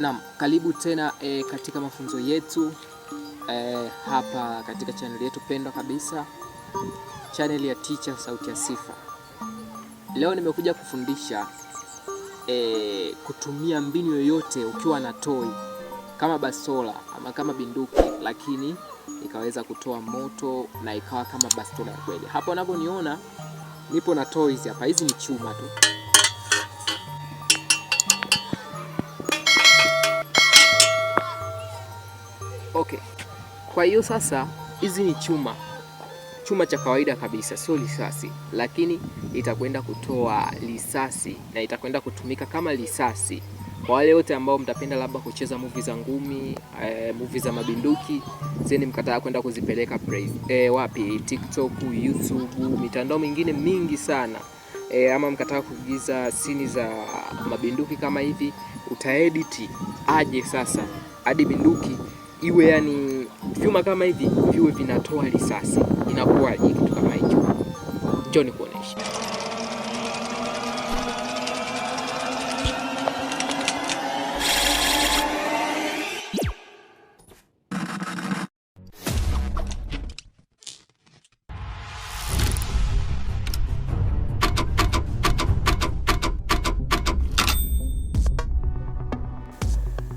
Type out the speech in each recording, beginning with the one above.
Naam, karibu tena e, katika mafunzo yetu e, hapa katika chaneli yetu pendwa kabisa, chaneli ya Teacher Sauti ya Sifa. Leo nimekuja kufundisha e, kutumia mbinu yoyote ukiwa na toi kama bastola ama kama binduki, lakini ikaweza kutoa moto na ikawa kama bastola ya kweli. Hapo unavyoniona nipo na toys hapa, hizi ni chuma tu Kwa hiyo sasa hizi ni chuma chuma cha kawaida kabisa, sio risasi, lakini itakwenda kutoa risasi na itakwenda kutumika kama risasi kwa wale wote ambao mtapenda labda kucheza movie za ngumi e, movie za mabinduki zeni, mkataa kwenda kuzipeleka praise. E, eh, wapi TikTok, YouTube, mitandao mingine mingi sana e, ama mkataa kuigiza sini za mabinduki kama hivi, utaediti aje sasa hadi binduki iwe yani vyuma kama hivi viwe vinatoa risasi, inakuwaje kitu kama hicho? Njoo nikuoneshe.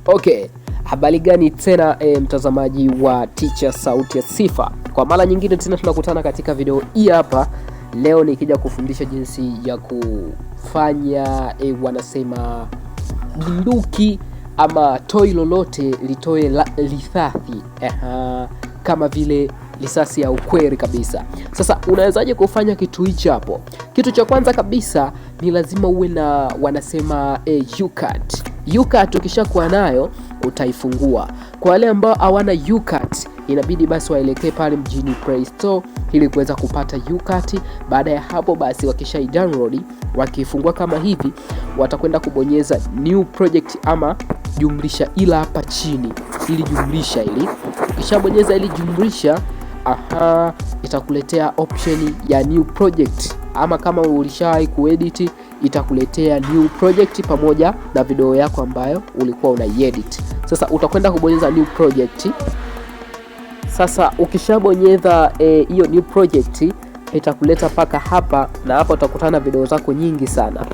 Okay. Habari gani tena e, mtazamaji wa Teacher Sauti ya Sifa, kwa mara nyingine tena tunakutana katika video hii hapa. Leo nikija kufundisha jinsi ya kufanya e, wanasema bunduki ama toi lolote litoe Aha, kama vile risasi ya ukweli kabisa. Sasa unawezaje kufanya kitu hicho hapo? Kitu cha kwanza kabisa ni lazima uwe na wanasema e, eh, UCAD UCAT ukishakuwa nayo utaifungua. Kwa wale ambao hawana UCAT inabidi basi waelekee pale mjini Play Store ili kuweza kupata UCAT. Baada ya hapo basi, wakisha download wakifungua kama hivi, watakwenda kubonyeza new project ama jumlisha, ila hapa chini ili jumlisha ili Ukishabonyeza ili jumlisha, aha, itakuletea option ya new project ama kama ulishawahi kuedit itakuletea new project pamoja na video yako ambayo ulikuwa unaiedit. Sasa utakwenda kubonyeza new project. Sasa ukishabonyeza e, hiyo e, new project itakuleta mpaka hapa, na hapa utakutana video zako nyingi sana.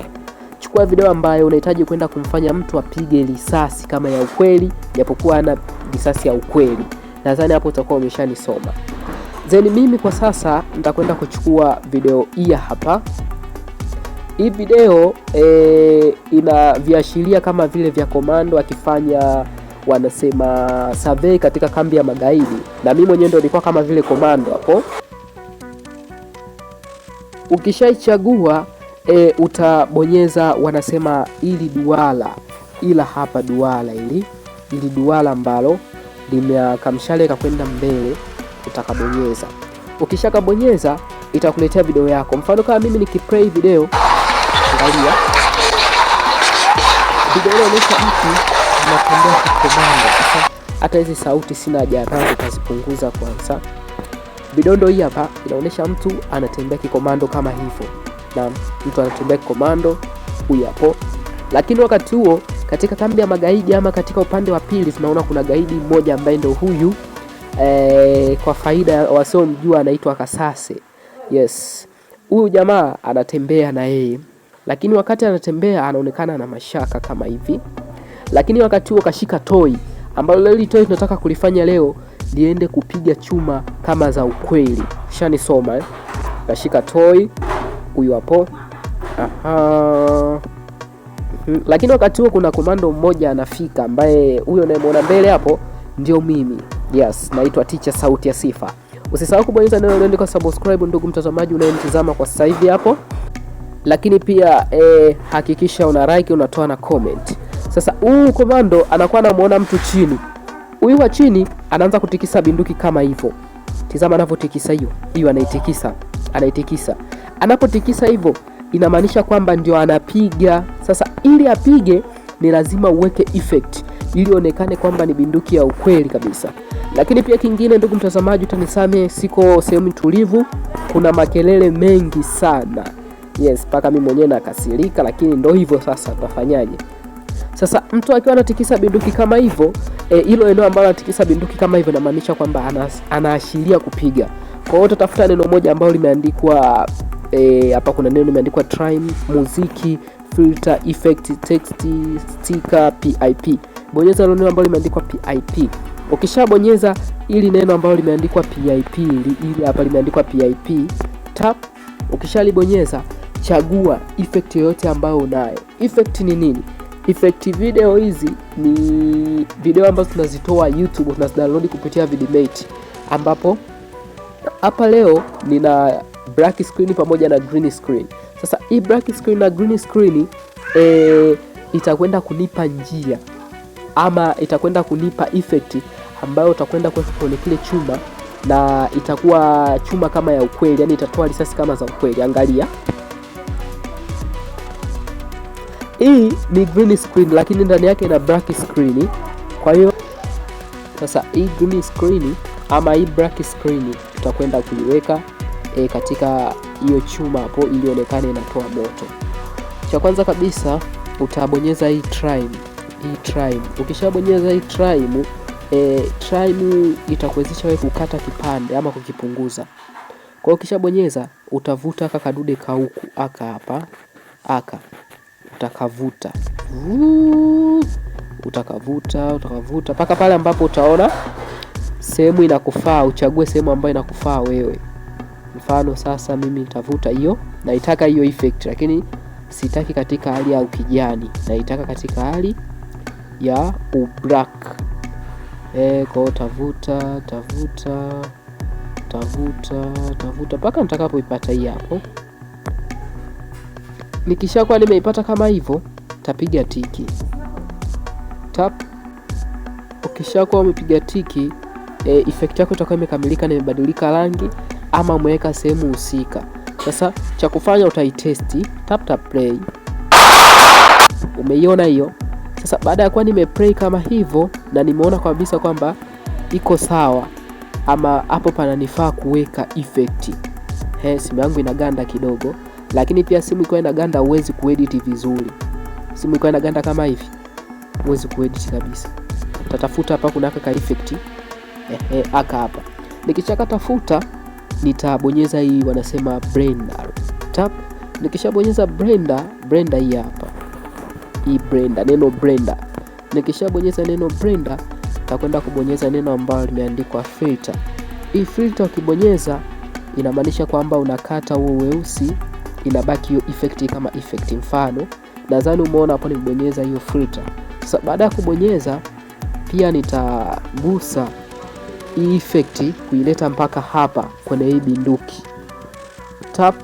Chukua video ambayo unahitaji kwenda kumfanya mtu apige risasi kama ya ukweli, japokuwa ana risasi ya ukweli. Nadhani hapo utakuwa umeshanisoma. Then mimi kwa sasa nitakwenda kuchukua video hii hapa. Hii video e, ina viashiria kama vile vya komando akifanya wanasema survey katika kambi ya magaidi, na mimi mwenyewe ndio nilikuwa kama vile komando hapo. Ukishaichagua e, utabonyeza wanasema ili duala, ila hapa duala ili ili duala ambalo limekamshale kakwenda mbele, utakabonyeza. Ukishakabonyeza itakuletea video yako. Mfano kama mimi nikipray video kuangalia piga ile mtu anatembea kikobanda. Sasa hata hizi sauti sina haja nazo, utazipunguza kwanza. Bidondo hii hapa inaonyesha mtu anatembea kikomando kama hivyo, na mtu anatembea kikomando huyu hapo. Lakini wakati huo katika kambi ya magaidi ama katika upande wa pili tunaona kuna gaidi mmoja ambaye ndio huyu e, kwa faida wasiomjua anaitwa Kasase. Yes, huyu jamaa anatembea na yeye lakini wakati anatembea anaonekana na mashaka kama hivi, lakini wakati huo kashika toi ambalo leo toi tunataka kulifanya leo liende kupiga chuma kama za ukweli. Shanisoma eh? Kashika toi huyu hapo, aha. Mm-hmm. Lakini wakati huo kuna komando mmoja anafika, ambaye huyo unayemwona mbele hapo ndio mimi. Yes, naitwa Teacher Sauti ya Sifa. Usisahau kubonyeza neno lililoandikwa subscribe, ndugu mtazamaji unayemtazama kwa sasa hivi hapo lakini pia eh, hakikisha una like, unatoa na comment. Sasa huyu komando anakuwa anamuona mtu chini, huyu wa chini anaanza kutikisa binduki kama hivyo. Tizama anavyotikisa hiyo hiyo, anaitikisa anaitikisa. Anapotikisa hivyo, inamaanisha kwamba ndio anapiga. Sasa ili apige, ni lazima uweke effect ili onekane kwamba ni binduki ya ukweli kabisa. Lakini pia kingine, ndugu mtazamaji, utanisame, siko sehemu tulivu, kuna makelele mengi sana. Yes, mpaka mimi mwenyewe nakasirika, lakini ndo hivyo sasa, tutafanyaje? Sasa mtu akiwa anatikisa binduki kama hivyo eh, hilo e, eneo ambalo anatikisa binduki kama hivyo inamaanisha kwamba anaashiria kupiga. Kwa hiyo tutafuta neno moja ambalo limeandikwa eh, hapa e, kuna neno limeandikwa trim, muziki, filter, effect, text, sticker, pip. Bonyeza neno ambalo limeandikwa pip. Ukishabonyeza ili neno ambalo limeandikwa pip, ili hapa limeandikwa pip, tap. Ukishalibonyeza chagua effect yoyote ambayo unayo. Effect ni nini? Effect video hizi ni video ambazo tunazitoa YouTube, tunazidownload kupitia Vidmate, ambapo hapa leo nina black screen pamoja na green screen. Sasa hii black screen na green screen e, itakwenda kunipa njia ama itakwenda kunipa effect ambayo utakwenda kuweka kwenye kile chuma na itakuwa chuma kama ya ukweli, yani itatoa risasi kama za ukweli. Angalia. Hii ni green screen lakini ndani yake ina black screen. Kwa hiyo sasa hii green screen ama hii black screen tutakwenda kuiweka e, katika hiyo chuma hapo ili ionekane inatoa moto. Cha kwanza kabisa utabonyeza hii trim, hii trim. Ukishabonyeza hii trim e, trim itakuwezesha wewe kukata kipande ama kukipunguza. Kwa hiyo ukishabonyeza utavuta kadude kauku aka hapa aka utakavuta utakavuta utakavuta mpaka pale ambapo utaona sehemu inakufaa. Uchague sehemu ambayo inakufaa wewe. Mfano sasa, mimi nitavuta hiyo, naitaka hiyo effect, lakini sitaki katika hali ya ukijani, naitaka katika hali ya ublack. Eh, kwa utavuta tavuta tavuta tavuta mpaka nitakapoipata hii hapo. Nikishakuwa nimeipata kama hivyo, tapiga tiki tap. Ukishakuwa umepiga tiki e, effect yako itakuwa imekamilika na imebadilika rangi ama umeweka sehemu husika. Sasa cha kufanya utaitesti, tap tap play. Umeiona hiyo? Sasa baada ya kuwa nimeplay kama hivyo na nimeona kabisa kwamba iko sawa ama hapo pananifaa kuweka effect. He, simu yangu inaganda kidogo. Lakini pia simu ikiwa inaganda huwezi kuedit vizuri. Simu ikiwa inaganda kama hivi huwezi kuedit kabisa. Tatafuta hapa kuna aka effect. Eh, eh, aka hapa. Nikishaka tafuta nitabonyeza hii wanasema blender. Tap. Nikishabonyeza blender, blender hii hapa. Hii blender, neno blender. Nikishabonyeza neno blender takwenda kubonyeza neno ambalo limeandikwa filter. Hii filter ukibonyeza inamaanisha kwamba unakata huo weusi inabaki hiyo effect kama effect. Mfano nadhani umeona hapo nimebonyeza hiyo filter. Sasa baada ya kubonyeza pia nitagusa hii effect kuileta mpaka hapa kwenye hii binduki, tap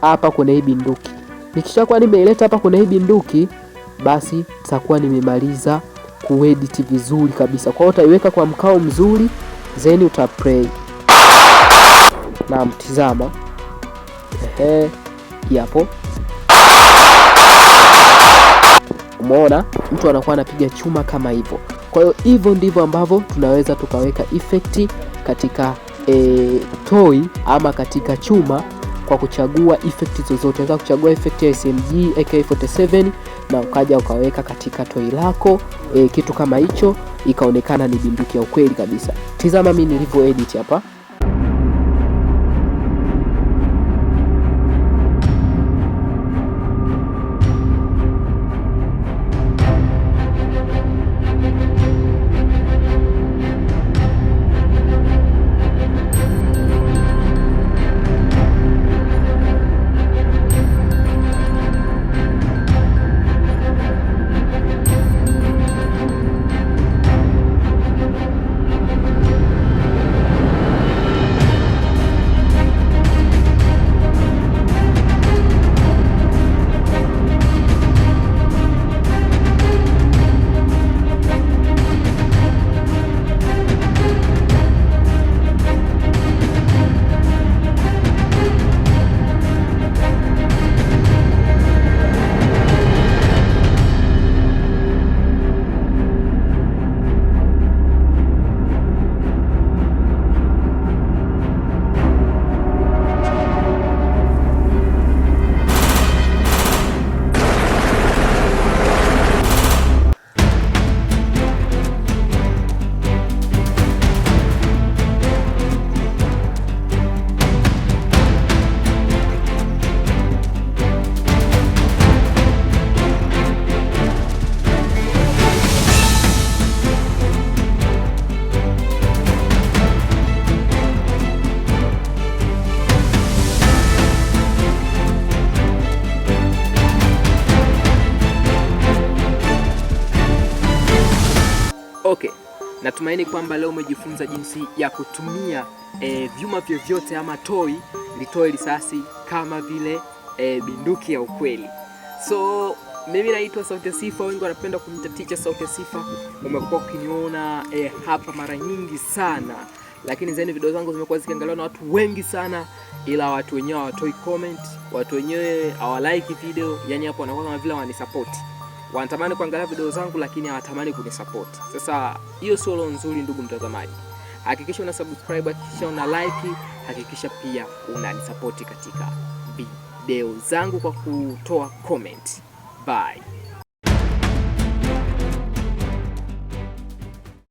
hapa kwenye hii binduki. Nikishakuwa nimeileta hapa kwenye hii binduki, basi takuwa nimemaliza kuedit vizuri kabisa. Kwa hiyo utaiweka kwa mkao mzuri, then utaplay na mtizama. Ehe hapo. Umeona, mtu anakuwa anapiga chuma kama hivyo. Kwa hiyo hivyo ndivyo ambavyo tunaweza tukaweka effect katika e, toy ama katika chuma kwa kuchagua effect zozote. Unaweza kuchagua effect ya SMG AK47 na ukaja ukaweka katika toy lako e, kitu kama hicho, ikaonekana ni bunduki ya ukweli kabisa. Tizama mimi nilivyo edit hapa. Natumaini kwamba leo umejifunza jinsi ya kutumia e, vyuma vyovyote ama toi litoe risasi kama vile e, eh, binduki ya ukweli. So mimi naitwa Sauti Sifa, wengi wanapenda kuniita Teacher Sauti Sifa. Umekuwa ukiniona e, hapa mara nyingi sana, lakini zaidi video zangu zimekuwa zikiangaliwa na watu wengi sana, ila watu wenyewe hawatoi comment, watu wenyewe hawalike video, yani hapo wanakuwa kama vile wanisupport wanatamani kuangalia video zangu lakini hawatamani kunisupport. Sasa hiyo sio leo nzuri, ndugu mtazamaji. Hakikisha una subscribe, hakikisha una like, hakikisha pia unanisapoti katika video zangu kwa kutoa comment. Bye.